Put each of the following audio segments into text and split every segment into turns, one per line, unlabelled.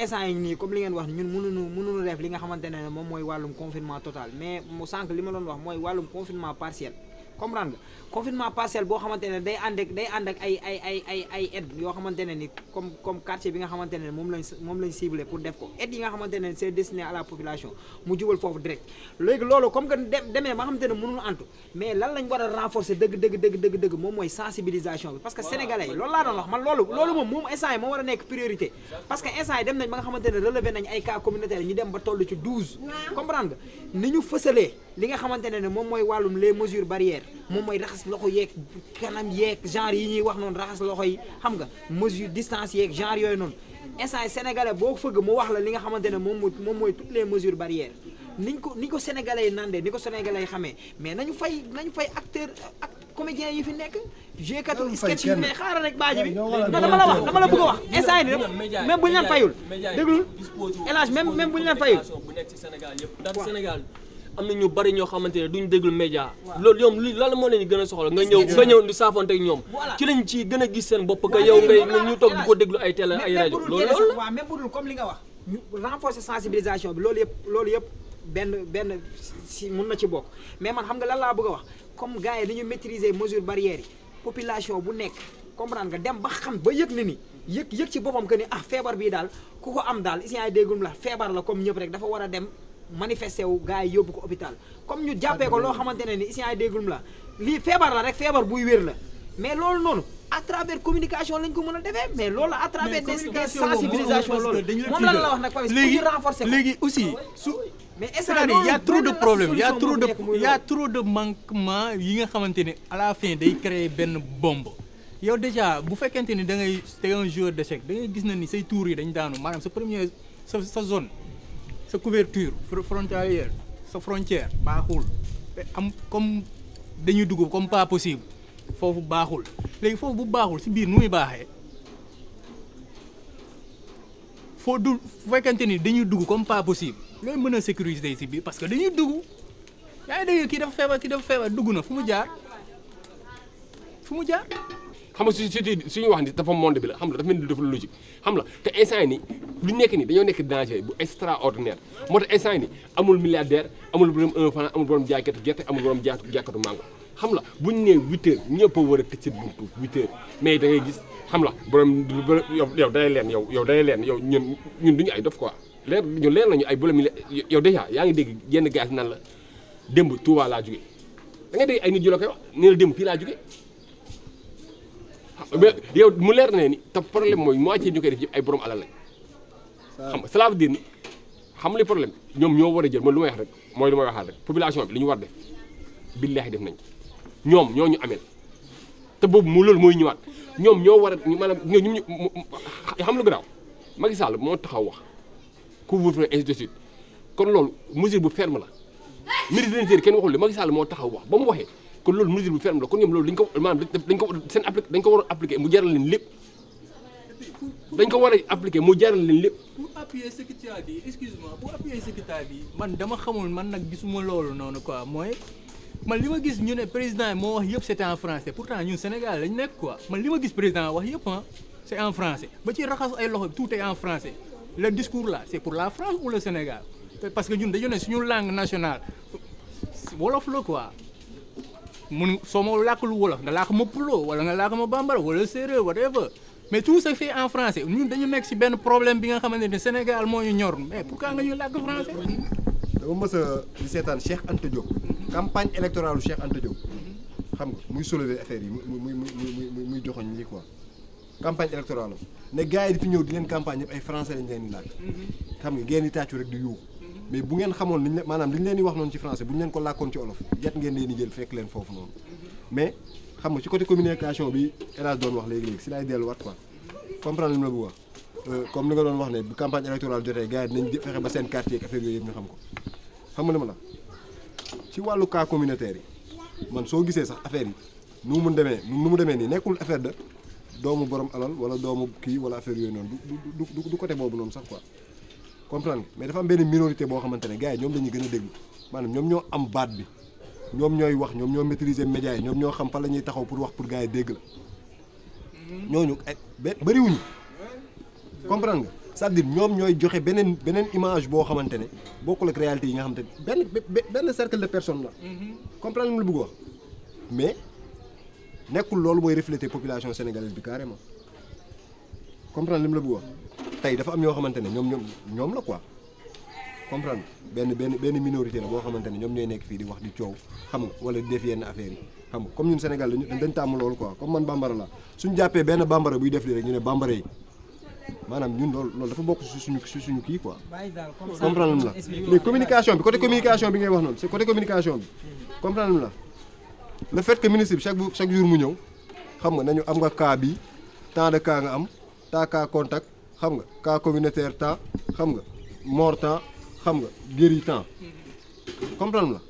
instant yi nii comme li ngeen wax ñun mënuñu mënuñu def li nga xamante ne moom mooy wàllum confinement total mais mu sànq li ma doon wax mooy wàllum confinement partiel comprendre nga confinement partiel boo xamante ne day ànd ak day ànd ak ay ay ay ay ay aide yoo xamante ne ni comme comme quartier bi nga xamante ne moom lañ moom lañ ciblé pour def ko aide yi nga xamante ne c'est destiné à la population mu jubal foofu direct léegi loolu comme que demee ba xamante ne mënul antu mais lan lañ war a renforcer dëgg dëgg dëgg dëgg dëgg moom mooy sensibilisation bi parce que sénégalais yi loolu laa doon wax man loolu loolu moom moom instant yi moo war a nekk priorité parce que instant yi dem nañ ba nga xamante ne relevé nañ ay cas communautaire ñu dem ba toll ci 12 comprendre nga ni ñu fësalee li nga xamante ne ne moom mooy wàllum les mesures barrières moom mooy raxas loxo yeeg kanam yeeg genre yi ñuy wax noonu raxas loxo yi xam nga mesure distance yeeg genre yooyu noonu instant sénégalais boo fëgg mu wax la li nga xamante ne moom mooy moom mooy toutes les mesures barrières niñ ko ni ko sénégalais yi nandee ni ko sénégalais yi xamee mais nañu fay nañu fay acteur ak yi fi nekk jkatu sketch yi mais xaaral rek
baaji bi non dama la wax dama la bëgg wax instant yi ni même bu ñu leen fayul déglul élage même même bu am na ñu bari ñoo xamante ne duñ déglu média loolu yow li lan moo leen gën a soxla nga ñëw nga ñëw di saafonte ak ñoom ci lañ ci gën a gis seen bopp que yow ngay ñu toog di ko déglu ay télé ay rajo loolu
waaw même loolu yëpp loolu benn benn si mun na ci bokk mais man xam nga lan laa bëgg wax comme gars yi dañu maîtriser mesures barrières yi population bu nekk comprendre nga dem ba xam ba yëg ni ni yëg yëg ci boppam que ni ah feebar bii daal ku ko am daal isin ay déggum feebar la comme ñëpp rek dafa war a dem manifesté wu gars yóbbu ko hôpital comme ñu jàppee ko loo xamante ne ni ici ay déggulum la lii feebar la rek feebar buy wér la mais loolu noonu à travers communication lañ ko mën a defee mais loolu à travers des sensibilisation loolu moom lan la wax
nag léegi aussi ah su
mais est-ce que trop de problème y a trop
de y a trop de manquement yi nga xamante ne fin day créer benn bombe yow déjà bu fekkente ni da ngay te un joueur d'échec da ngay gis na ni say tour yi dañ daanu maanaam sa premier sa sa zone sa couverture frontalière sa frontière baaxul te am comme dañuy dugg comme pas possible foofu baaxul léegi foofu bu baaxul si biir nu muy baaxee foo du fekkante ni dañuy dugg comme pas possible looy mën a sécuriser si biir parce que dañuy dugg yaa ngi dégg kii dafa feebar kii dafa feebar dugg na fu mu jaar fu mu jaar. xam na su
suñu wax ni dafa monde bi la xam nga dafa mel ni dafa logique xam te instant yi lu nekk ni dañoo nekk danger bu extraordinaire moo tax instant yi ni amul milliardaire amul borom un franc amul borom jaaykatu gerte amul borom xam la bu ñu nee huit heures ñëpp a war a tëj seen buntu huit heures mais da ngay gis xam la borom yow day leen yow yow day leen yow ñun ñun duñu ay dof quoi leer ñu leer nañu ay borom yow déjà yaa ngi dégg yenn gars yi la démb Touba laa jóge da ngay dégg ay nit yu la koy wax nee la démb fii laa jóge yow mu leer na ni te problème mooy moitié ñu koy def yëpp ay borom alal lañ. xam nga cela veut dire ni xam li problème ñoom ñoo war a jël man lu may rek mooy lu may waxaat rek population bi li ñu war def billaahi def nañ ñoom ñoo ñu ameel te boobu mu loolu mooy ñëwaat ñoom ñoo war a maanaam ñoom ñu xam lu garaaw Macky Sall moo taxaw wax couvre-feu ainsi de suite kon loolu mesure bu ferme la ministre de l'Intérieur kenn waxul li Macky Sall moo taxaw wax ba mu waxee. kon loolu mesure bu ferme la kon ñoom loolu dañ ko maanaam dañ ko war a appliquer mu jaral leen lépp dañ ko war a appliquer mu jaral leen lépp.
man dama xamul man nag gisuma loolu noonu quoi mooy. man li ma gis ñu ne président moo wax yëpp c'était en français pourtant ñun Sénégal lañ nekk quoi man li ma gis président wax yëpp ah c'est en français ba ci raxasu ay loxo tout en français le discours la c'est pour la France ou le Sénégal parce que ñun dañu ne suñu langue nationale wolof la quoi. mun soo ma làkkul wolof nga làkk ma puloo wala nga làkk ma bambara wala séeréer whatever mais tout se fait en français ñun dañu nekk si benn problème bi nga xamante ne Sénégal mooy ñu ñor mais pourquoi nga ñu làkk français. dama mës a di seetaan Cheikh Anta Diop campagne
électorale Cheikh Anta xam nga muy soulever affaire yi muy muy muy muy muy joxoñ lii quoi campagne électorale ne gars yi di fi ñëw di leen campagne ñëpp ay français lañ leen di làkk mhm. xam nga ngeen di rek di yuuxu. mais bu ngeen xamoon li maanaam liñ leen di wax noonu ci français bu ñu leen ko làkkoon ci olof jet ngeen leen di jël fekk leen foofu noonu mais xam ci côté communication bi El doon wax léegi léegi si laay delluwaat quoi comprendre li mu la bëgg wax euh, comme li nga doon wax ne bu campagne électorale jotee gars yi dinañ fexe ba seen quartier ak affaire yooyu yëpp ma la ci wàllu cas communautaire yi man soo gisee sax affaire yi nu mu demee nu mu demee nii nekkul affaire de doomu borom alal wala doomu kii wala affaire yooyu noonu du du du côté boobu noonu sax quoi comprendre mais dafa am benn minorité boo xamante ne gars yi ñoom la ñuy gën a déglu maanaam ñoom ñoo am baat bi ñoom ñooy wax ñoom ñoo maîtriser médias yi ñoom ñoo xam fan la taxaw pour wax pour gars yi dégg la mm-hmm. ñooñu ay eh, bëriwuñu comprendre nga cest ñoom ñooy joxe beneen beneen image boo xamante ne bokkul ak réalité yi nga xam ne benn benn cercle de personnes la mm-hmm. comprendre nga lu bëgg wax mais nekkul loolu mooy refléter population sénégalaise bi carrément comprendre li la bëgg wax tey dafa am ñoo xamante ne ñoom ñoom ñoom la quoi comprendre benn benn benn minorité la boo xamante ne ñoom ñooy nekk fii di wax di coow xam nga wala di def yenn affaire yi xam nga comme ñun Sénégal dañ dañ tàmm loolu quoi comme man bambara la suñu jàppee benn bambara buy def lii rek ñu ne bambara yi maanaam ñun loolu loolu dafa bokk si suñu si suñu kii quoi comprendre la mais communication bi côté communication bi ngay wax noonu c'est côté communication bi comprendre la le fait que ministre bi chaque chaque jour mu ñëw xam nga nañu am nga cas bi tant de cas nga am tant cas contact xam nga cas communautaire temps xam nga mort temps xam nga guéri temps comprendre la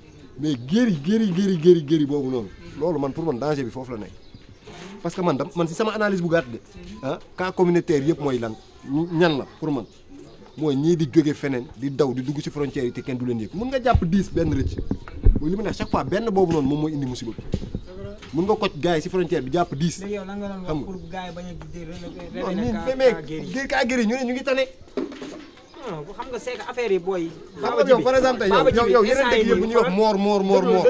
mais guéri guéri guéri guéri guéri boobu noonu loolu man pour man danger bi foofu la nekk parce que man dam man si sama analyse bu gàtt de kaa ah, cas communautaire yëpp mooy lan ñan la pour man mooy ñii di jóge feneen di daw di dugg ci frontière yi te kenn du leen yëg mun nga jàpp 10 benn rëcc mooy li mu ne chaque fois benn boobu noonu moom mooy indi musiba bi mun nga koj gars yi si frontière bi jàpp 10. léegi nga doon wax pour gars yi
bañ a guddee
ren kaa géri ñu ne ñu ngi tane. non xam nga
c'est que affaire yi booy. xam nga yow par exemple yow yow yeneen dëkk yëpp bu ñuy wax moor moor moor moor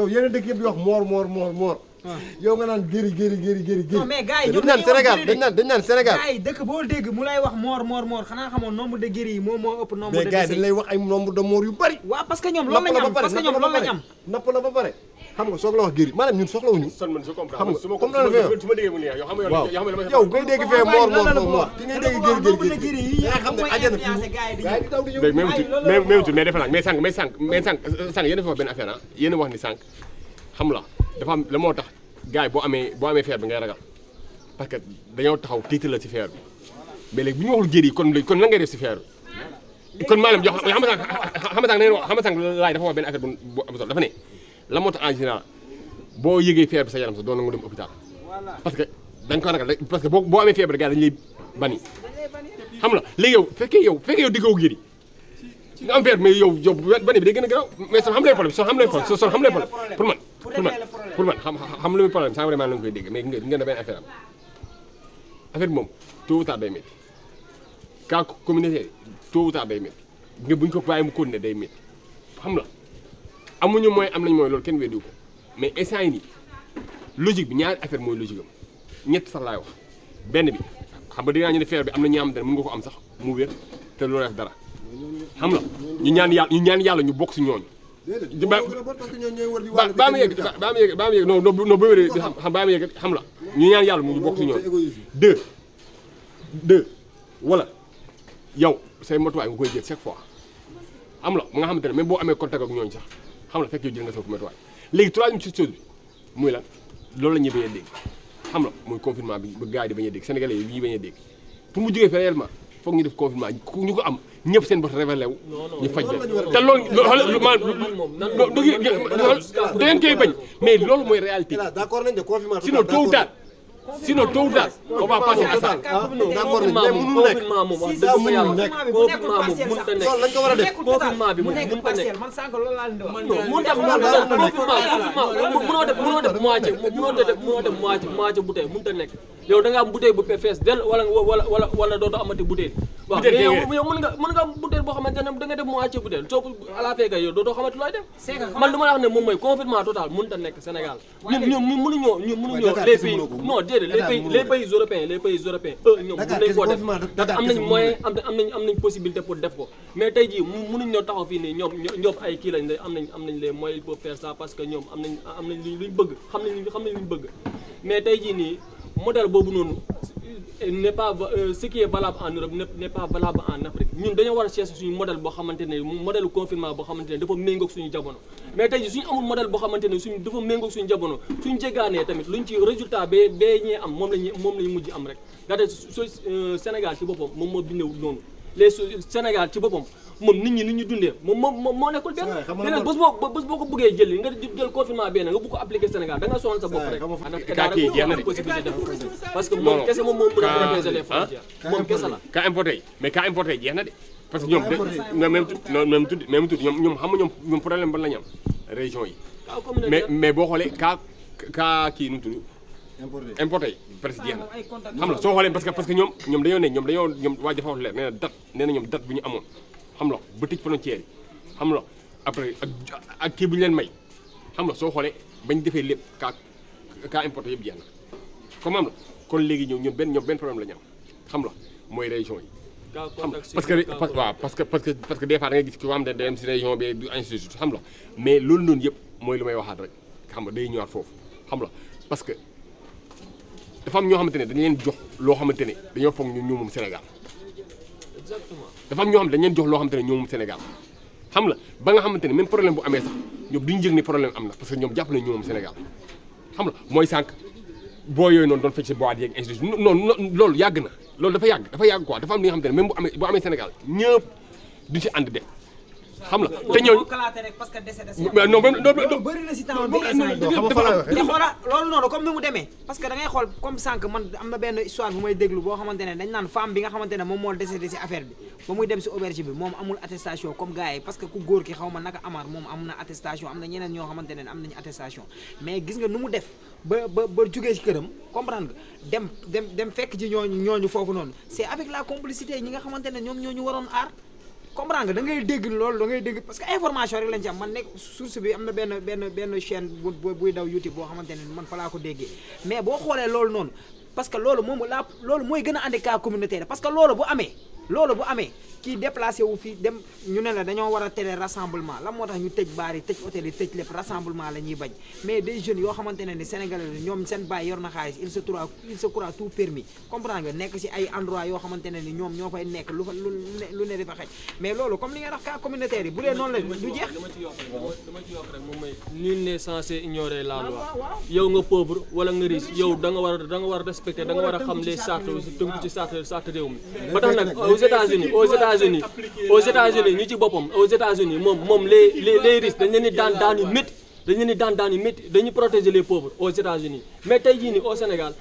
yow yeneen dëkk yëpp di wax moor moor moor moor ah. yow nga naan géri géri géri géri géri mais dañ naan Sénégal dañ naan dañ naan Sénégal gars yi
dëkk boo dégg mu lay wax moor moor moor xanaa xamoon nombre de géri yi moom moo
ëpp nombre de mais gars yi dañ lay
wax ay nombre de moor yu bari waaw parce que ñoom loolu lañ am parce que ñoom loolu lañ am ba pare xam nga soog la wax guéri maanaam ñun soxlawuñu. son man je comprends xam nga comme
la la yow ngay dégg fee moor moor moor ki ngay dégg guéri guéri yaa xam ne àjjana dégg même ci même ci la dafa am la moo tax gars yi boo amee boo amee feer bi ngay ragal parce que dañoo taxaw tiital la ci feer bi mais léegi bu kon kon la ngay def ci feer bi kon maanaam xam nga sànq xam nga sànq laay dafa wax benn affaire bu am solo dafa ne la moo tax en boo yegee feebar bi sa yaram sax doon na dem hôpital parce que da nga ko ragal parce que boo boo amee feebar gars dañu lay bani xam la léegi yow fekkee yow fekkee yow diggoo giri nga am feebar mais yow yow bani ba day gën a garaaw mais soo xam lay problème soo xam lay xam lay problème pour man pour man pour man xam xam lu muy problème koy dégg mais nga ne benn affaire am affaire bi moom tôt ou tard day métti cas communautaire tôt ou tard day métti nga buñ ko bàyyi mu continuer day métti xam amuñu mooy am nañ mooy loolu kenn weddiwu ko mais instant yi nii logique bi ñaari affaire mooy logique am ñett sax laay wax benn bi xam nga dinaa ñu ne feer bi am na am dara mën nga ko am sax mu wér te loolu def dara xam nga ñu ñaan yàlla ñu ñaan yàlla ñu bokk si ñooñu.
déedéet ba
ba ma yegg ba ma yegg ba ma yegg non non ba wéree xam ba ñu ñaan yàlla mu bokk si ñooñu deux deux wala yow say matuwaay nga koy jël chaque fois am la nga xamante ne même boo amee contact ak ñooñu sax. xam la fekk yow jël nga sa matuwaay léegi troisième chose bi muy lan loolu la bañ a dégg xam la muy confinement bi ba gars yi di bañ a dégg sénégalais yi bañ a dégg pour mu jógee fi réellement foog ñu def confinement ñu ko am ñëpp seen bët révélé wu ñu faj leen te loolu loolu maanaam loolu mooy réalité sinon tôt ou tard sinon tôt ou tard on va passer à ça. d'accord mais mënul nekk confinement moom wax dëgg yàlla confinement moom mënut a
nekk. loolu lañ ko war a def confinement bi moom mënut a nekk. non
mënut a nekk confinement
mënoo def mënoo def moitié mënoo def mënoo def moitié moitié bouteille mënut a nekk. yow da nga am bouteille bu fees del wala wala wala wala dootoo amati bouteille. bouteille dégg nga waaw yow mën nga mën nga am bouteille boo xamante ne da nga def moitié bouteille soo ko à la fin yow dootoo xamati looy def. man li ma la wax ne moom mooy confinement total mënut a nekk Sénégal ñun ñun mënuñoo ñun mënuñoo les pays non déedéet pays les pays européens les pays européens eux ñoom mën nañ koo def moyen am nañ am nañ possibilité pour def ko mais tey jii mënuñ ñoo taxaw fii nii ñoom ñoom ay kii lañ am am nañ les moyens pour faire ça parce ñoom am nañ am nañ luñ bëgg xam nañ xam nañ luñ bëgg mais tey jii nii modèle boobu noonu Euh, n'est pas euh, ce qui est valable en Europe n'est pas valable ñun dañoo war a chercher suñu modèle boo xamante ne modèle confinement boo xamante ne dafa méngoog suñu jamono mais tey ji suñu amul modèle boo xamante ne suñu dafa méngoog suñu jamono suñu jéggaanee tamit luñ ci résultat bee bee ñee am moom lañu moom lañu mujj am rek daa tey euh, Sénégal ci boppam moom moo bindewu noonu les Sénégal ci boppam moom nit ñi nit ñu dundee moom moom moo nekkul benn leneen bés boo bés boo ko bëggee jël nga jël confinement benn nga bëgg ko appliquer Sénégal da nga soxla sa bopp rek ndax possibilité def parce que moom kese moom moom moom kese la
mais jeex na de parce que ah, ñoom de même tudd ñoom ñoom ñoom problème ban la ñu région yi mais boo xoolee ka ka kii nu tudd importé yi presque jeex
na xam la soo xoolee
parce que parce que ñoom dañoo ne ñoom dañoo ñoom waa wax leer nee na date nee na ñoom date bi ñu amoon xam la ba tëj frontière yi xam la ak kii bu ñu may xam la soo xoolee bañ defee lépp kaa kaa importé yëpp jeex na comme am la kon léegi mooy région yi xam parce que waaw parce que parce que parce que des fois da gis ki am de dem si région bi du institut xam la mais loolu noonu yëpp mooy lu may waxaat rek xam la day ñëwaat foofu xam la parce que dafa am ñoo xamante ne dañ leen jox loo xamante ne dañoo foog ñun ñoo moom Sénégal dafa am ñoo xam ne dañ leen jox loo xamante ne ñoo moom Sénégal xam la ba nga xamante ne même problème bu amee sax ñoom duñu yëg ni problème am na parce que ñoom jàpp nañ ñoo moom Sénégal xam la mooy sànq boo yooyu noonu doon fecc si boîte yeeg institut non loolu yàgg na loolu dafa yàgg dafa yàgg ko dafa am li nga xamante ne même bu amee bu amee Sénégal ñëpp du ci ànd def xam na si temps bi instant yii. xam nga
fan la waxee te xoolal loolu noonu comme ni mu demee. parce que da ngay xool comme sànq man am na benn histoire bu may déglu boo xamante dañ naan femme bi nga xamante ne moom moo décédé si affaire bi ba muy dem si auberge bi moom amul attestation comme gars parce que ku góor ki xaw ma naka Amar moom am na attestation am na ñeneen ñoo xamante ne am attestation mais gis nga nu mu def ba ba ba jugee si këram comprendre nga dem dem fekk ci ñooñu ñooñu foofu noonu c'est avec la complicité comprends nga da ngay dégg loolu da ngay dégg parce que information rek lañ ci am man nekk source bi am na benn benn benn chaîne bu buy daw YouTube boo xamante man fa laa ko déggee mais boo xoolee loolu noonu parce que loolu moom la loolu mooy gën a andi cas communautaire parce que loolu bu amee loolu bu amee kii déplacé wu fii dem ñu ne la dañoo war a tere rassemblement la moo tax ñu tëj baar yi tëj hôtel yi tëj lépp rassemblement la ñuy bañ mais des jeunes yoo xamante ni sénégalais la ñoom seen baay yor na xaalis il se croit il se croit tout permis comprendre nga nekk si ay endroit yoo xamante ni ñoom ñoo fay nekk lu fa lu ne dafa xej mais loolu comme li nga wax cas communautaire yi bu dee noonu la du jeex dama
ci yokk ignorer la ah, loi yow da nga war a war a respecter a xam les États-Unis aux États-Unis ñu ci boppam aux États-Unis moom moom les les les riches dañu leen di daan daan yu métti dañu daan daan yu métti dañuy protéger les pauvres aux États-Unis mais tey jii nii au Sénégal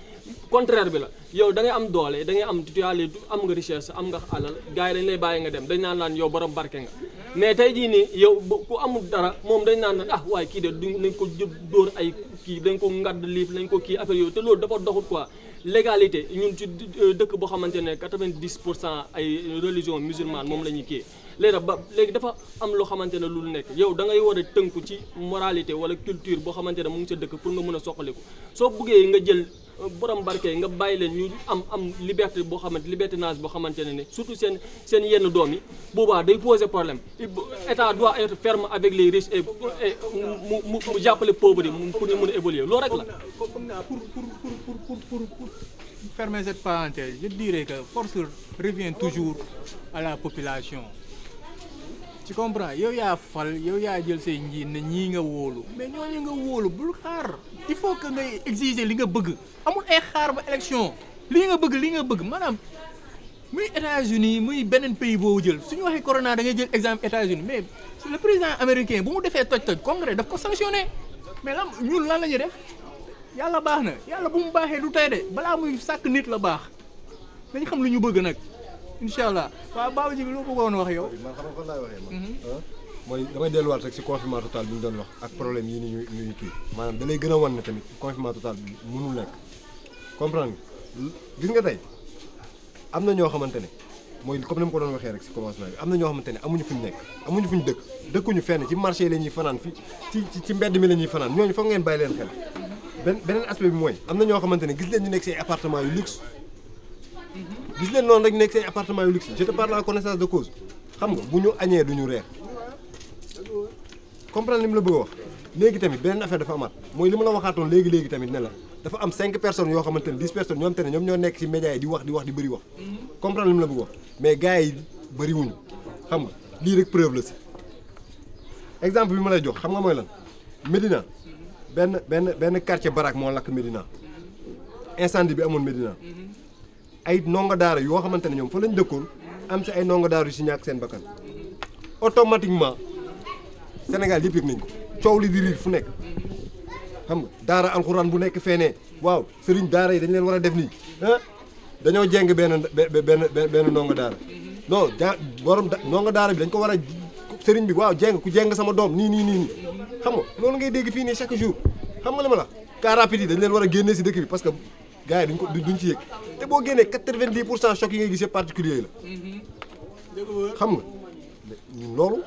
contraire bi la yow da ngay am doolee da ngay am tuyaale am nga richesse am nga alal gars yi dañu lay bàyyi nga dem dañ naan laan yow borom barke nga mais tey jii nii yow ku amul dara moom dañ naan ah waaye kii de du nañ ko jub dóor ay kii dañ ko ngadd liif lañ ko kii affaire yooyu te loolu dafa doxut légalité ñun ci dëkk boo xamante ne quatre vingt pour cent ay religion musulmane moom la ñuy kii léegi ba léegi dafa am loo xamante ne lu nekk yow da ngay war tënku ci moralité wala culture boo xamante ne mu ngi sa dëkk pour nga mun a soqaliku soo buggee nga jël euh, borom barke nga bàyyi leen ñu am am liberté boo xamante liberté nage boo xamante ne ne surtout seen seen yenn doom yi boobaa day poser problème état doit être ferme avec les riches et mu mu jàppale
pauvres yi pour ñu mën a évoluer loolu rek la pour, pour, pour, pour, fermer cette parenthèse, je dirais que force revient toujours à la population. ci comprends yow yaa fal yow yaa jël say njiit na ñii nga wóolu mais ñooñu nga wóolu bul xaar il faut que ngay exiger li nga bëgg amul ay xaar ba élection lii nga bëgg lii nga bëgg maanaam muy États-Unis muy beneen pays boo jël suñu waxee corona da ngay jël exemple États-Unis mais le président américain bu mu defee toj-toj congrès daf ko sanctionné mais lan ñun lan la ñuy def. yàlla baax na yàlla bu mu baaxee lu tey de balaa muy sàkk nit la baax dañ xam lu ñu bëgg nag incha allah waaw Baba Djibi loo bëggoon wax yow. man laay waxee man. Mhm.
mooy damay delluwaat rek si confinement total bi ñu doon wax ak problème yi ni ñuy kii maanaam dalay gën a wan ne tamit confinement total bi mënul nekk comprendre nga gis nga tey am na ñoo xamante ne mooy comme ni ma ko doon waxee rek si commencement bi am na ñoo xamante ne amuñu fu ñu nekk amuñu fu ñu dëkk dëkkuñu fenn ci marché la ñuy fanaan fi ci ci mbedd mi la ñuy fanaan ñooñu foog ngeen bàyyi leen benn beneen aspect bi mooy am na ñoo xamante ne gis leen ñu nekk say appartement yu luxe gis leen noonu rek nekk say appartement yu luxe je te parle en connaissance de cause xam nga bu ñu añee du ñu reer comprendre la bëgg wax léegi tamit beneen affaire dafa amaat mooy li ma la waxaatoon léegi léegi tamit ne la dafa am cinq personne yoo xamante ne dix personnes ñoom te ñoom ñoo nekk ci média yi di wax di wax di bëri wax comprendre li la bëgg wax mais gars yi bëri wuñu xam nga exemple bi ma lay jox xam nga mooy lan Médina benn benn benn quartier barak moo lakk Médina incendie bi amoon Médina ay ndongo daara yoo xamante ne ñoom fa lañ dëkkoon am si ay nongo daara yu si ñàkk seen bakkan automatiquement Sénégal yëpp yëg nañ ko coow li di riir fu nekk xam nga daara alxuraan bu nekk feenee waaw sëriñ daara yi dañ leen war a def nii dañoo jeng benn benn benn ndongo daara non ja borom ndongo daara bi dañ ko war a sëriñ bi waaw jeng ku jeng sama doom nii nii nii nii xam nga loolu ngay dégg fii nii chaque jour xam nga li ma la car rapide yi dañ leen war a génnee si dëkk bi parce que gars yi duñ ko duñ ci yëg te boo génnee quatre-vingt-dix pour cent choc yi ngay gisee particulier yi la xam nga loolu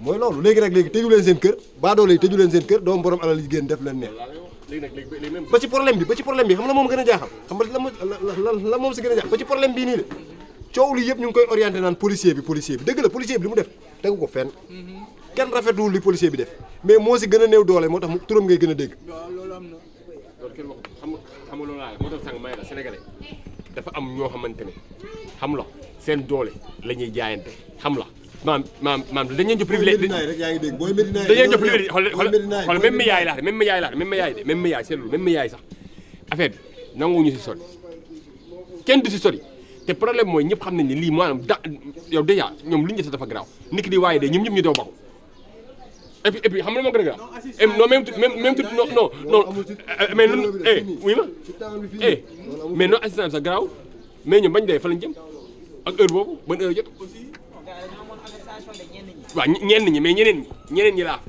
mooy loolu léegi nag léegi tëju leen seen kër baadoole yi tëju leen seen kër doomu borom alal yi génn def leen neex ba ci problème bi ba ci problème bi xam la moom gën tegu ko fenn kenn rafetlu li policier bi def mais moo si gën a néew doole moo tax turam ngay gën a dégg.
loolu am na. loolu kenn wax xam nga xam nga loolu dafa am ñoo xamante ne xam la seen doole la ñuy jaayante xam la maam maam maam dañu leen jox privilège. booy Medina rek
yaa ngi dégg booy Medina dañu leen jox privilège xool xool même yaay laa même
yaay laa même yaay de même yaay yaay sax affaire bi nanguwuñu si sori kenn du si sori. te problème mooy ñëpp xam nañ ne lii maanaam da de dèjà ñoom li ñu def dafa garaaw nit ki di waaye de ñoom ñëpp ñu daw baxu et puis et xam nga moo gën a garaaw non eh, même même même tout non non non mais non ma
eh mais non
assistance sax garaaw mais ñoom bañ dee fa lañ jëm ak heure boobu ban heure jot euh, waaw ñenn ñi mais ñeneen ñi ñeneen ñi laa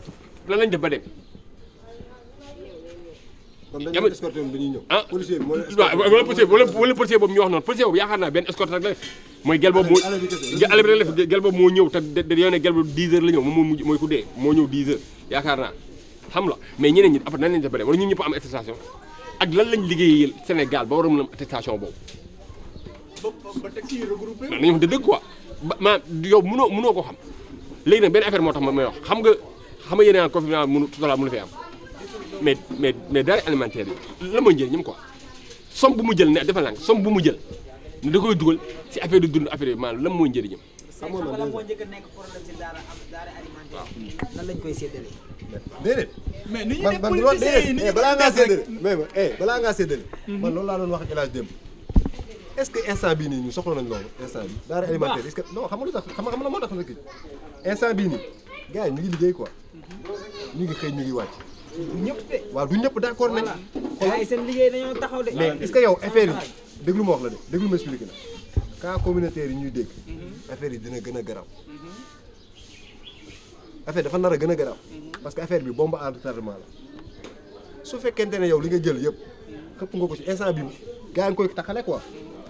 lan lañ def ba dem
kon dañu leen escorté woon dañuy ñëw. ah policier bi moo leen escorté wala policier wala
wala policier boobu ñu wax noonu policier boobu yaakaar naa benn escorte rek la def mooy gel boobu moo ale bi rek gel boobu moo ñëw te dee moo naa xam la mais ba wala ñun ñëpp am attestation
boobu ba taxi regroupé nañu
yow mënoo mënoo ko xam léegi nag benn affaire moo tax ma may wax am mais mais mais denrée alimentaire yi la mooy njëriñam quoi somme bu mu jël ne dafa lànk somme bu mu jël ne da koy dugal si affaire du dund affaire yi maanaam lan mooy njëriñam.
amoon na moo njëkk a nekk koy séddale.
déedéet. mais ni ñuy def politiciens yi ni balaa ngaa séddale mais eh, balaa ngaa séddale. man loolu laa doon wax El Hadj Deme. est-ce que instant bii nii ñu soxla nañ loolu instant bi daara alimentaire est-ce que non xam nga lu tax xam nga moo tax la kii instant bii nii gars ñu ngi liggéey quoi mhm. ñu ngi xëy ñu ngi wàcc du ñëpp de. waaw du ñëpp d' accord nañ. voilà seen
liggéey dañoo taxaw de. mais est ce que yow affaire yi
déglu ma wax la de déglu ma expliqué la cas communautaire yi ñuy dégg. Mhm. affaire yi dina gën a garaw affaire dafa nar a gën a garaaw. Mhm. parce que affaire bi bombe à retardement la su fekkente ne yow li nga jël yëpp xëpp nga ko ci instant bi gaa ngi koy taxale quoi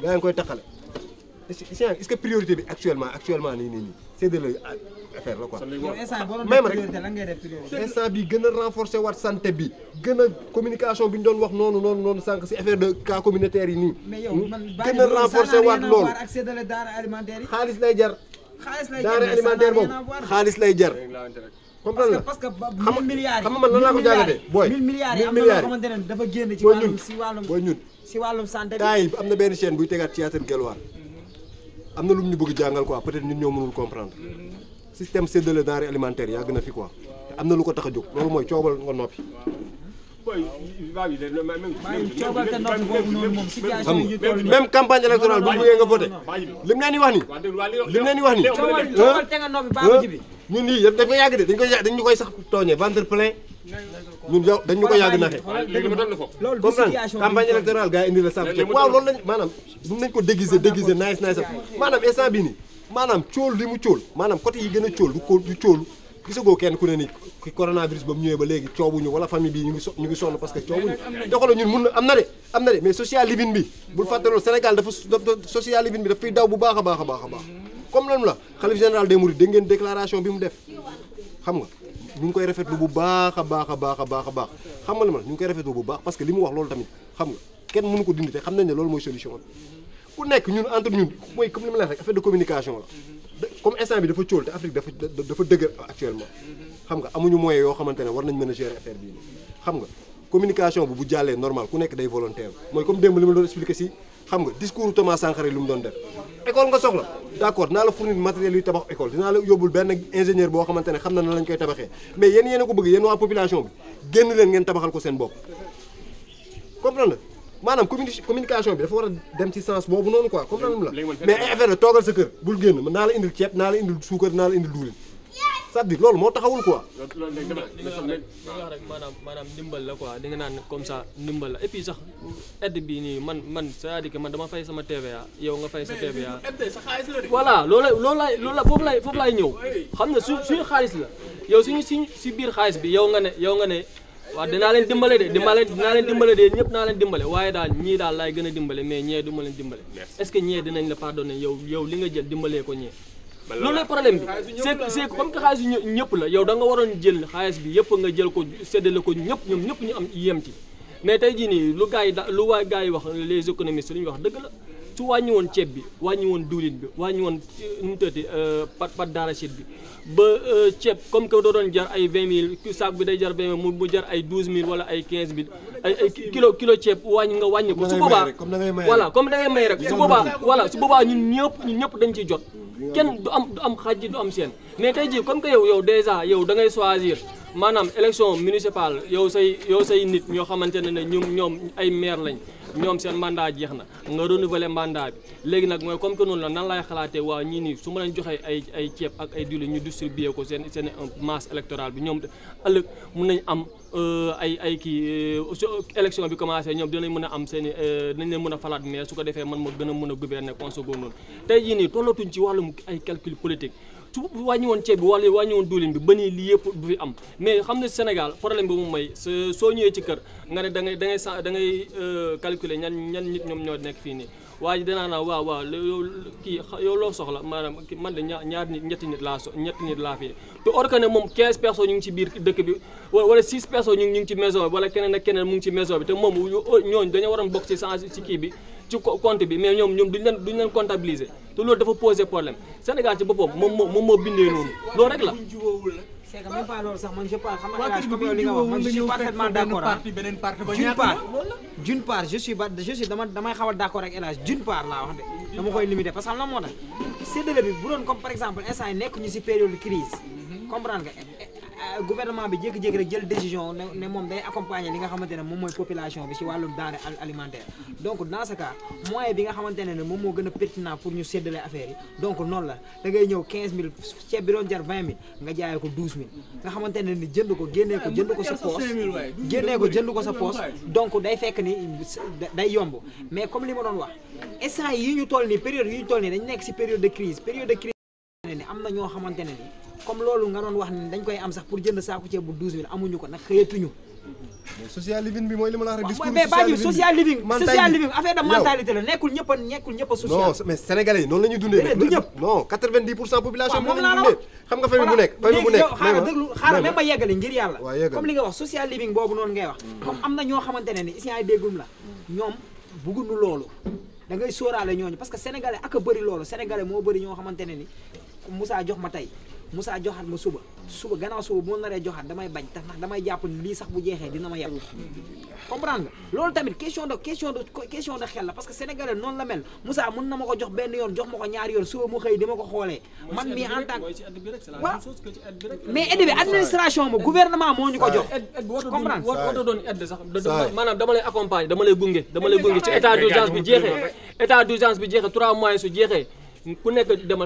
gaa ngi koy taxale est ce est ce que priorité bi actuellement actuellement nii nii nii séddale affaire la quoi. bi ñu doon wax noonu noonu noonu sànq si affaire de a renforcer
xaalis lay jar. daara alimentaire boobu xaalis lay jar. comprendre nga parce que
mille milliards xam nga man nan laa ko jàngatee. booy mille milliards yi booy ñun si am na benn chaîne buy tegaat théâtre Gelwaar am na lu ñu bëgg jàngal quoi peut-être ñun ñoo mënul comprendre. Mm-hmm. système séddale denrée alimentaire yàgg na fi ko te am na lu ko tax a jóg loolu mooy coobal nga noppi.
même campagne électorale bu bëggee nga
voté lim leen di wax
ni lim leen di wax
ni ñun nii yëpp dañ yàgg de dañ koy dañ ñu koy sax tooñee ventre plein ñun yow dañ ñu koy yàgg naxe comprendre
campagne électorale gars yi
indi la sàmm waaw loolu lañ maanaam bu nañ ko déguiser déguiser nice nice maanaam instant bii nii maanaam cóol li mu cóol maanaam côté yi gën a cóol du ko du cóol kenn ku ne ni ki coronavirus ba mu ñëwee ba léegi coobuñu wala famille bi ñu ngi so ñu ngi sonn parce que coobuñu doxalo ñun mun na am na de am na de mais social living bi bul fàttaloo Sénégal dafa social living bi daf fiy daw bu baax a baax a baax a baax comme lan la xalif général des mourides dégg ngeen déclaration bi mu def xam nga ñu ngi koy rafetlu bu baax a baax a baax a baax a baax xam nga li ma bu baax parce que li mu wax loolu tamit xam nga kenn mënu ko dindi te loolu mooy solution bi ku nekk ñun entre ñun mooy comme li ma la rek affaire de communication la comme instant bi dafa cóol te dafa dafa actuellement xam nga amuñu moyen yoo xamante ne war nañ mën a gérer affaire bii xam nga communication bi bu jàllee normal ku nekk day volontaire mooy comme démb li ma doon expliqué si xam nga discours Thomas Sankara lu mu doon def école nga soxla d'accord dinaa la fournir matériel yuy tabax école dinaa la yóbbul benn ingénieur boo xamante ne xam na na lañ koy tabaxee mais yéen yéen a ko bëgg yéen waa population bi génn leen ngeen tabaxal ko seen bopp comprendre maanaam communication bi dafa war a dem ci sens boobu noonu quoi comprendre la mais ay affaire la toogal sa kër bul génn naa la indil ceeb naa la indil suukar naa la indil duulin cest loolu moo taxawul quoi.
loolu maanaam ndimbal la quoi di nga naan comme ça ndimbal la et sax aide bi nii man man sa à dire que man dama fay sama TVA yow nga fay sa TVA.
voilà loolu loolu laay loolu la foofu laay foofu laay ñëw
xam nga su suñu xaalis la yaw suñu si si biir xaalis bi yow nga ne yow nga ne. waa dinaa leen dimbale de dimbale dinaa leen dimbale de ñëpp naa leen dimbale waaye daal ñii daal laay gën a dimbale mais ñee du ma leen dimbale est-ce que ñee dinañ la pardonné yow yow li nga jël dimbalee ko ñee loolu lay problème bi c'est c'est comme que xaalis yu ñëpp la yow da waroon jël xaalis bi yëpp nga jël ko séddale ko ñëpp ñoom ñëpp ñu am yem ci mais tey jii nii lu gars yi da lu waay gars yi wax les économistes lu ñu wax dëgg la su wàññi woon ceeb bi wàññi woon diwlin bi wàññi woon euh, nu mu tëddee pat pat d'arachide bi ba euh, ceeb comme que doo doon jar ay vingt mille saab bi day jar vingt mille mu jar ay douze mille wala ay quinze mille ay kilo kilo ceeb wàññi nga wàññi ko su boobaa
voilà comme da ngay may rek su boobaa
voilà su boobaa ñu ñëpp ñëpp dañ ciy jot kenn du am du am xajji du am seen mais tey jii comme que yow yow déjà yow da ngay choisir maanaam élection municipale yow say yow say nit ñoo xamante ne ne ñoom ñoom ay maire lañ ñoom seen mandat jeex na nga renouveler mandat bi léegi nag mooy comme que noonu la nan laay xalaatee waa ñii nii su ma leen joxee ay ay ceeb ak ay diwlin ñu distribuer ko seen seen masse électorale bi ñoom ëllëg mun nañ am euh, ay ay kii euh, su élection bi commencé ñoom dinañ mën a am seen i euh, dinañ leen mën a falaat mais su ko defee man ma gën a mën a gouverner conseil boobu noonu tey jii nii tollatuñ ci wàllum ay calcul politique. su wàññi woon ceeb bi wala wàññi woon diwlin bi ba nii lii yëpp du fi am mais xam ne Sénégal problème bi mu may soo ñëwee ci kër nga ne da ngay da ngay sa da euh, calculer ñan ñan ñoom ñoo nekk fii nii waa ji danaa naa waaw waaw yow kii yow loo soxla maanaam ñu ngi ci dëkk bi wala ñu ngi ci maison bi wala keneen ak keneen mu ngi ci maison bi te moom ñooñu dañoo waroon bokk ci sens ci kii bi ci compte bi mais ñoom ñoom duñ leen duñ leen comptabiliser te loolu dafa poser problème Sénégal ci boppam moom moom moo bindee noonu loolu rek la.
man je parle man je suis parfaitement d'accord d'une part d'une part je suis ba damay xaw a d'accord ak El wax de dama koy limiter parce xam na moo tax séddale bi bu doon comme par exemple instant nekk ñu si période crise comprendre nga Euh, gouvernement bi jékki-jékki rek jël décision ne moom day accompagner li nga xamante ne moom mooy population bi ci wàllum denrée alimentaire donc dans ce moyen bi nga xamante ne ne moom moo gën a pertinent pour ñu séddale affaire yi donc noonu la da ngay ñëw 15000 ceeb bi doon jar 20000 nga jaayee ko mil nga xamante ne ni jënd ko génnee ko jënd ko sa poos génnee ko jënd ko sa poos donc day fekk ni day yomb mais comme li ma doon wax instant yi ñu toll nii période yi ñu toll nii dañ nekk ci période de crise période de am na ñoo xamante ne ni comme loolu nga doon wax ne dañ koy am sax pour jënd saaku ceeb bu 12000 amuñu ko nag xëyatuñu. mais social living bi mooy li ma rek. discours social living social living affaire de mentalité la a nekkul ñëpp a. social non
mais sénégalais yi noonu la ñuy dundee. déedéet du ñëpp non 90 pour cent population. moom la dundee xam nga famille bu xaaral déglu ma
yeggale ngir yàlla. comme li wax social living boobu noonu ngay wax. Mm. comme am na ñoo xamante ni isien déggum la parce que sénégalais ak a bëri loolu sénégalais moo bëri ñoo xamante ne ni ma tey Moussa joxaat ma suba suba gannaaw suba bu ma naree joxaat damay bañ tax ndax damay jàpp lii sax bu jeexee dina ma yàpp comprendre nga loolu tamit question de question de xel la parce que sénégalais noonu la mel Moussa mën na ma ko jox benn yoon jox ma ko ñaari yoon suba mu xëy di ma ko xoolee man mii en
mais aide bi administration ma
gouvernement moo ñu ko jox
comprendre warta doon aide sax maanaam dama lay accompagner dama lay gunge dama lay gunge ci état d'urgence bi bi jeexee trois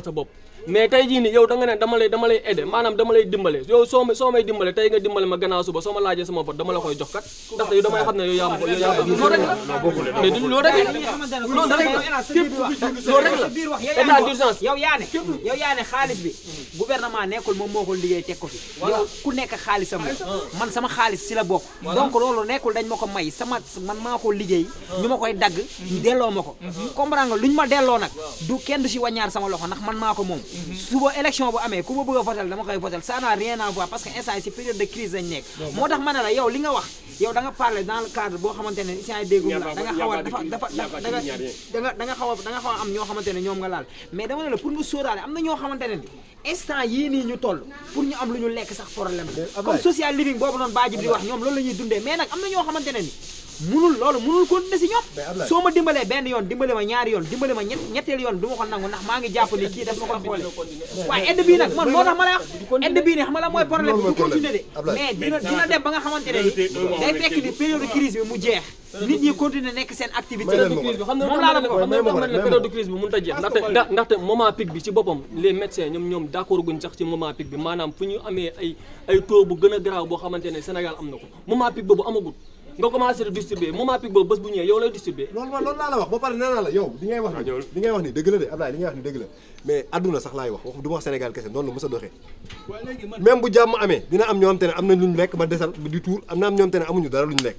sa bopp mais tey jii nii yow da ne dama lay dama lay aider maanaam dama lay dimbale yow soo may dimbale tey nga dimbale ma gannaaw suba soo ma laajee sama vote dama la koy jox kat ndaxte yow damay xam ne
yow yaa yaa yaa ne yow yaa ne mm-hmm. nekkul moom moo ko liggéey teg ko fi yow ku nekk xaalisam la man sama xaalis si la bokk donc loolu nekkul dañ ma ko may sama man maa ko liggéey ah. ñu ma koy dagg ñu mm-hmm. delloo ma ko mm-hmm. comprendre nga lu ñu ma delloo nag du kenn du si wàññaar sama loxo ndax man maa ko moom Mhm. suba élection bu amee ku ma bëgg a dama koy votel ça rien à voir parce que instant si période de crise lañ nekk moo tax ma ne la yow li nga wax yow da parler dans le cadre boo xamante ne instant a dafa dafa xamante ne ñoom nga am na ñoo xamante ne instant yii nii ñu toll pour ñu am lu ñu lekk sax problème comme social living boobu noonu baa di wax ñoom loolu ñuy dundee mais nag am na ñoo xamante ni munul loolu munul continuer si ñoom soo ma dimbalee benn yoon dimbale ma ñaari yoon dimbale ma ñett ñetteel yoon du ma ko nangu ndax maa ngi jàpp ni kii daf ma ko xoole
waaye aide bii nag man moo ne
xam nga la mooy problème du continuer de mais dina dina crise bi mu jeex nit ñi continuer nekk seen activité moom xam nga man la
période de crise bi mënut a jeex ndaxte ndaxte moment pic bi ci boppam les médecins ñoom ñoom d'accord guñ sax ci moment pic bi maanaam fu ñu amee ay ay bu gën a garaaw boo xamante ne Sénégal am na ko moment pic boobu amagul
nga commencé di distribuer moment pic boobu bés bu ñëwee yow lay distribuer loolu ma loolu laa la wax ba pare nee naa la yow li ngay wax ni dëgg la de Ablaye li ngay wax ni dëgg la mais adduna sax laay wax wax du ma wax Sénégal kese noonu la mës a doxee même bu jàmm amee dina am ñoo xam te ne am lekk ba desal di tuur am na am ñoo amuñu dara luñ lekk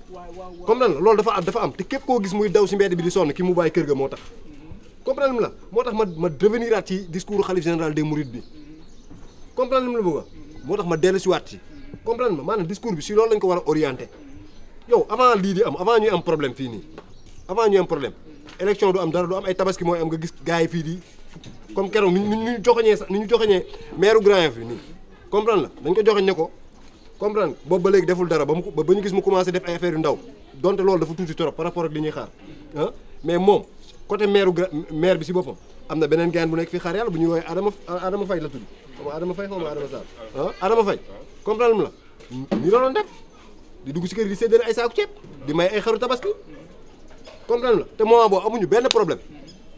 comme la loolu dafa am dafa am te képp koo gis muy daw si mbedd bi di sonn ki mu bàyyi kër ga moo tax comprendre ma ma revenir aat ci discours xalif général des mourides la bëgg war a orienté yow avant lii di am avant ñuy am problème fii nii avant ñuy am problème élection du am dara du am ay tabaski mooy am nga gis gars yi fii di comme keroog ni ñu ni ñu joxoñee sax ni ñu joxoñee maire Grand Yoff bi nii comprendre la dañ ko joxoñ ne ko comprendre boobu ba léegi deful dara ba mu ba ñu gis mu commencé def ay affaire yu ndaw donte loolu dafa tuuti trop par rapport ak li ñuy xaar ah mais moom côté maire bi si boppam am na beneen gaan bu nekk fii xaar yàlla bu ñuy woowee Adama Adama Faye la ma Adama ah? Faye la di dugg si kër yi di séddale ay saaku ceeb di may ay xaru tabaski comprendre la te moment boobu amuñu benn problème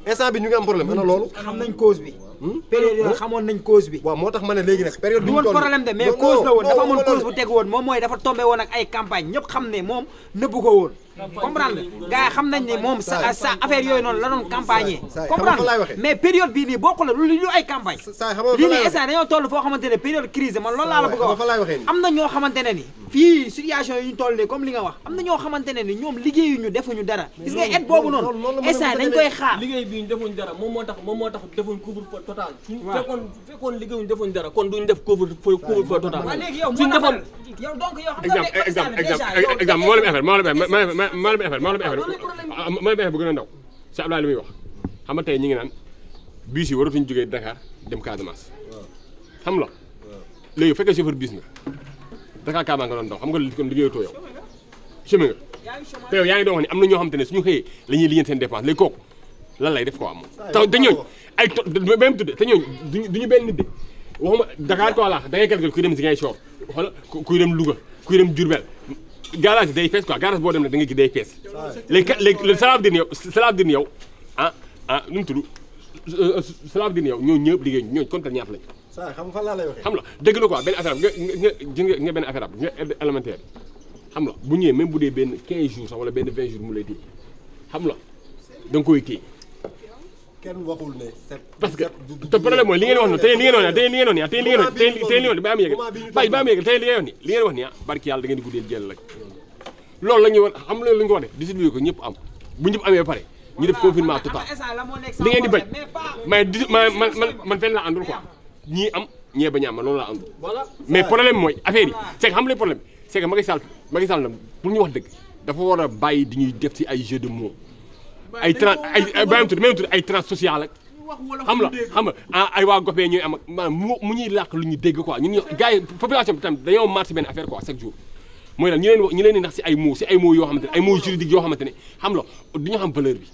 instant bi ñu ngi am problème ana loolu. xam nañ cause bi. Hmm? période yooyu xamoon nañ cause bi. waaw moo tax ma ne léegi nag période. du woon problème de mais cause la woon dafa amoon cause bu
teg woon moom mooy dafa tombé woon ak ay campagne ñëpp xam ne moom nëbbu ko woon. comprendre nga gars yi xam nañ ne moom sa sa affaire yooyu noonu la doon campagne comprendre mais période bii nii bokku la lu lu ay campagne lii nii instant dañoo toll foo xamante ne période crise man loolu laa la a wax am na ñoo xamante ne ni fii situation yi ñu toll comme li nga wax am na ñoo xamante ne ni ñoom liggéeyuñu defuñu dara gis nga aide boobu noonu instant dañ koy
xaar liggéey bi ñu
defuñu dara moom moo tax moom moo exemple moo la
affaire moo la maanaam effet maanaam effet bu gën a ndaw si Abdoulaye li muy wax xam nga tey ñu ngi naan bus yi waratuñu jógee Dakar dem Casamance xam la léegi bu fekkee chauffeur bus nga Dakar Casamance nga doon daw xam nga kon liggéeyatoo yow na ñoo xam ne suñu xëyee la ñuy def ko am taw te ñooñu ay même tudde te ñooñu duñu benn nit de waxuma Dakar quoi la da ngay calculer kuy dem Ziguinchor wala kuy dem Louga kuy dem Diourbel garage day fees quoi garage boo dem ne da nga gis day fees léegi kat léegi cela veut dire yow cela ah, ah nu mu tudd cela euh, euh, veut dire yow ñoo ñëpp liggéey ñooñu compter ñaata lañ.
saa xam laa lay xam la
dëgg la quoi benn affaire nga nga nga nga benn affaire am nga élémentaire xam la bu ñëwee même bu dee benn 15 jours sax wala benn 20 jours mu lay téye xam la da nga koy téye.
kenn waxul ne.
parce que te problème mooy li ngeen wax noonu tey li ngeen wax nii tey li ngeen wax nii tey li ngeen wax nii tey li ngeen wax nii ba am yëgal bàyyi ba am yëgal tey li ngeen wax nii li ngeen wax nii ah barki yàlla da ngeen di guddeel jël rek loolu la ñuy wax xam nga loolu la ñu ko wax de distribué ko ñëpp am bu ñëpp amee ba pare ñu def confinement total li ngeen di bañ mais di man man man fenn laa àndul quoi ñii am ñee bañ a am man loolu laa àndul mais problème mooy affaire yi c'est que xam nga problème c'est que Macky Sall Macky Sall nag pour ñu wax dëgg dafa war a bàyyi di ñuy def ci ay jeu de mots
ay trans ay bàyyam tuuti
même tuuti ay trans social ak xam la xam nga ay waa gox bee ñooy am ak maanaam mu ñuy làq lu ñu dégg ko ñun ñoo gars yi population bi tam benn affaire quoi chaque jour mooy lan ñu leen ñu leen di nax si ay mots si ay mots yoo xamante ne ay mots juridiques yoo xamante ne xam la duñu xam valeur bi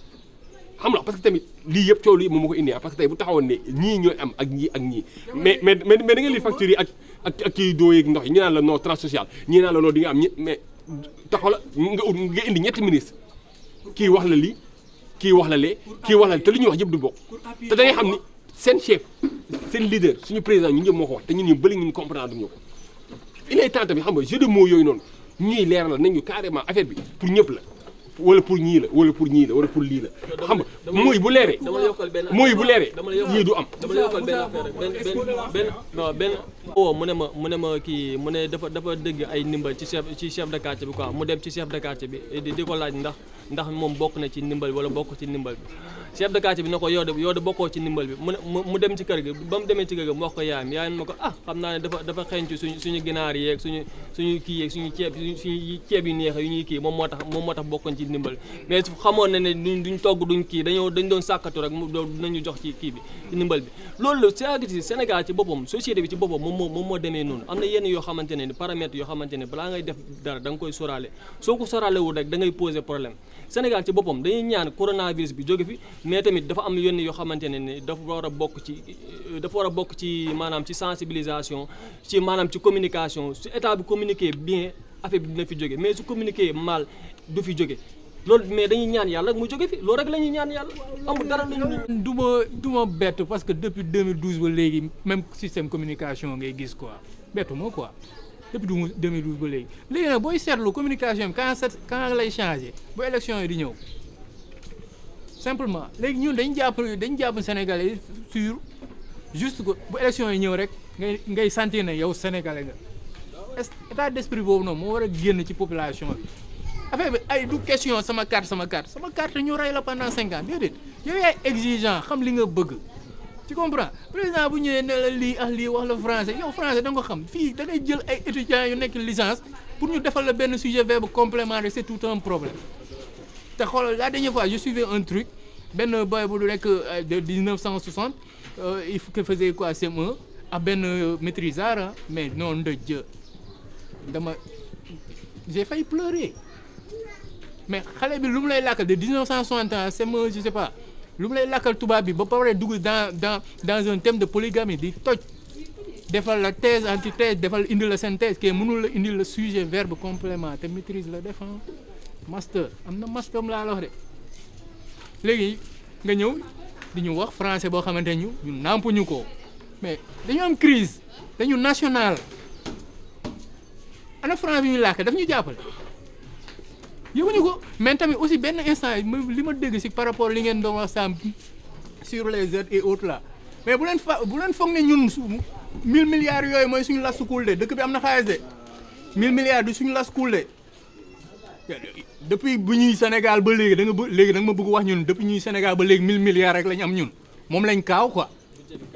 xam la parce que tamit lii yëpp coow lii moom moo ko indi ah, parce que tey bu taxawoon ne ñii ñooy am ak ñii ak ñii mais mais ak kii doo yeeg ndox yi la non trans social ñii naan la non di nga am ñi taxaw la nga kii wax la lii kii wax la lee kii wax la te li ñuy wax yëpp du bokk te da ngay xam ni seen chef seen leader suñu président ñu ñëpp moo ko wax te ñun ñu bëri ñun comprendre duñu ko il est temps tamit xam nga jeu de mots yooyu noonu ñuy leeral nañu carrément affaire bi pour ñëpp la wala pour ñii la wala pour ñii la wala pour lii la xam nga muy bu leeree. muy bu leeree yii du am.
Oh, mu ne ma mu ne ma kii mu ne dafa dafa dégg ay ndimbal ci chef ci chef de quartier bi quoi mu dem ci chef de quartier bi eh, di laaj ndax ndax moom bokk na ci ndimbal wala bokk ci ndimbal bi. chef de quartier bi ne ko yow de yow de bokkoo ci ndimbal bi mu ne mu dem ci kër gi ba mu demee ci kër gi mu wax ko yaayam yaayam ma ko ah xam naa ne dafa dafa xencu suñu suñu ginaar yeeg suñu suñu kii yeeg suñu ceeb suñu ceeb yu neex yu ñuy kii moom moo tax moom moo tax bokk bokkoon ci ndimbal mais xamoon na ne duñ duñ togg duñ dañoo dañ doon sàkkatu rek mu dinañu jox ci kii bi ndimbal bi loolu la cest à Sénégal ci boppam société bi ci boppam moom moo moom moo demee noonu am na yenn yoo xamante ne paramètres yoo xamante ne balaa ngay def dara danga koy sorale soo ko soraalewul rek da ngay poser problème Sénégal ci boppam dañuy ñaan coronavirus bi jóge fi mais tamit dafa am yenn yoo xamante ne ne dafa war a bokk ci dafa a bokk ci maanaam ci sensibilisation ci maanaam ci communication su état bi communiquer bien affaire dina fi jóge mais su communiquer mal du fi jóge loolu mais dañuy ñaan yàlla mu joge fi loolu rek lañuy ñuy ñaan yàlla amul dara lañu
du ma du ma bett parce que depuis 2012 ba léegi même système communication ngay gis quoi bettu moo quoi depuis 2012 ba léegi léegi nag booy seetlu communication bi quand set quand lay changé ba élection yi di ñëw simplement léegi ñun dañu jàpp dañu jàpp sénégalais sur juste ko bu élection yi ñëw rek ngay ngay sentir ne yow sénégalais nga état d'esprit boobu noonu moo war a génn ci population bi affaire bi ay du question sama carte sama carte sama carte ñu rey la pendant cinq ans déedéet yow yaay xam li nga bëgg tu comprends président bu ñëwee nee la lii ah lii wax la français yow français da nga ko xam fii da jël ay étudiants yu nekk licence pour ñu defal la benn sujet verbe complémentaire c'est tout un problème te xoolal la dernière fois je suivais un truc benn boy bu nekk euh, de 1960 euh, il faut que faisait quoi CM1 e? ak ah, benn euh, maîtrisard mais non de dama j'ai mais xale bi lu mu lay làkkal de 1961 c'est moi je sais pas lu mu lay làkkal tubaab bi ba pare dugg dans dans dans un thème de polygamie di toj defal la thèse antithèse defal indi la synthèse kii mënul la indi la sujet verbe complément te maîtrise la def master am na master laa la wax de léegi nga ñëw di ñu wax français boo xamante ñu ñu nàmpuñu ko mais dañu am crise dañu national ana français bi ñuy làkk daf ñu jàppale. yëguñu ko mais tamit aussi benn instant li ma dégg si par rapport li ngeen doon wax sàmm sur les aides et autres là mais bu leen fa bu leen foog ne ñun su 1000 milliards yooyu mooy suñu las sukkul de dëkk bi am na xaalis de 1000 milliards du suñu las sukkul de depuis bu ñuy Sénégal ba léegi da nga léegi da ma bëgg wax ñun depuis ñuy Sénégal ba léegi 1000 milliards rek lañ am ñun moom lañ kaaw quoi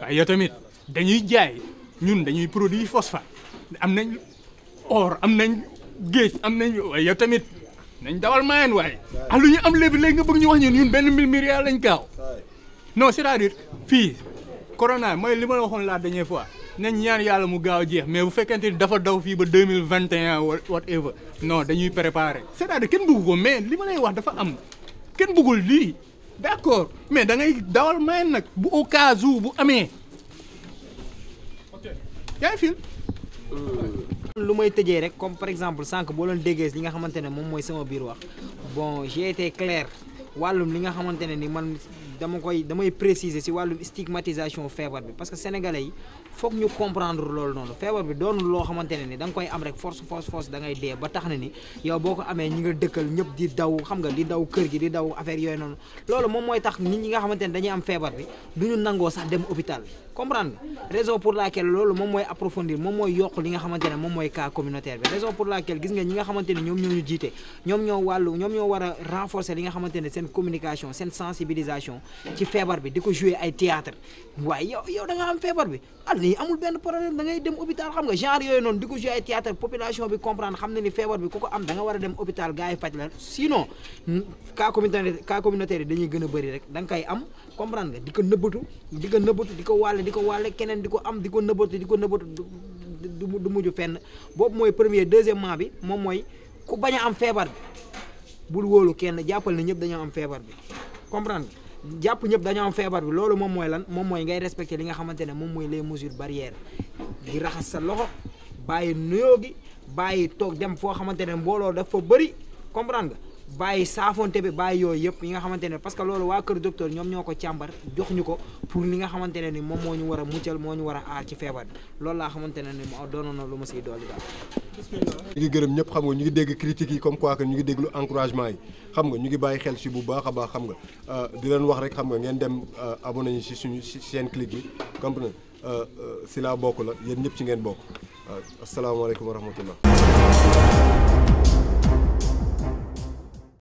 waaye yow tamit dañuy jaay ñun dañuy produit phosphate am nañ or am nañ géej am nañ yow tamit. nañ dawal mayeen waaye ax ah, lu ñu am léegi léegi nga bëgg ñu wax ñun ñun benn mille milliards lañ gaaw non cest fii corona mooy li ma la waxoon laa dernière fois nañ ñaan yàlla mu gaaw jeex mais bu fekkente ni dafa daw fii ba deux mille vingt et un whatever non dañuy préparer c'est-à-dire kenn bëggu ko mais li ma lay wax dafa am kenn bëggul lii d'accord mais da ngay dawal mayeen nag bu au cas où bu amee yaa ngi
lu may tëjee rek comme par exemple sànq boo leen déggee li nga xamante ne moom mooy sama biir wax bon j'ai été clair wàllum li nga xamante ne ni man dama koy damay préciser ci wàllum stigmatisation feebar bi parce que sénégalais yi foog ñu comprendre loolu noonu feebar bi doonul loo xamante ne ni danga koy am rek force force force da ngay dee ba tax na ni yow boo ko amee ñi nga dëkkal ñëpp di daw xam nga di daw kër gi di daw affaire yooyu noonu loolu moom mooy tax nit ñi nga xamante ne dañuy am feebar bi duñu nangoo sax dem hôpital comprendre nga raison pour laquelle loolu moom mooy approfondir moom mooy yokk li nga xamante ne moom mooy cas communautaire bi raison pour laquelle gis nga ñi nga xamante ñoom ñoo ñu jiite ñoom ñoo wàllu ñoom ñoo war a renforcer li nga xamante ne seen communication seen sensibilisation ci feebar bi di ko jouer ay théâtre waaye yow yow da am feebar bi ah lii amul benn problème da dem hôpital xam nga genre yooyu noonu di ko jouer ay théâtre a dem hôpital da nga koy di ko wàlle keneen di ko am di ko nëbbatu di ko nëbbatu du du mujj fenn boobu mooy premier deuxièmement bi moom mooy ku bañ a am feebar bi bul wóolu kenn jàppal na ñëpp dañoo am feebar bi comprendre jàpp ñëpp dañoo am feebar bi loolu moom mooy lan moom mooy ngay respecter li nga xamante ne moom mooy les mesures barrières di raxas sa loxo bàyyi nuyoo gi bàyyi toog dem foo xamante ne mbooloo dafa bëri comprend nga bàyyi saafonte bi bàyyi yooyu yëpp yi nga xamante ne parce que loolu waa kër docteur ñoom ñoo ko càmbar jox ñu ko pour li nga xamante ne ni moom moo ñu war a muccal moo ñu war a aar ci feebar loolu laa xamante ne ni moo doonoon na lu ma siy dolli daal.
ñu gërëm ñëpp xam nga ñu ngi dégg critiques yi comme quoi que ñu ngi déglu encouragement yi xam nga ñu ngi bàyyi xel si bu baax a baax xam nga euh, di leen wax rek xam nga ngeen dem euh, abonné ñu si suñu chaîne clic bi comprenez euh, si laa bokk la yéen ñëpp ci ngeen bokk asalaamaaleykum wa rahmatullah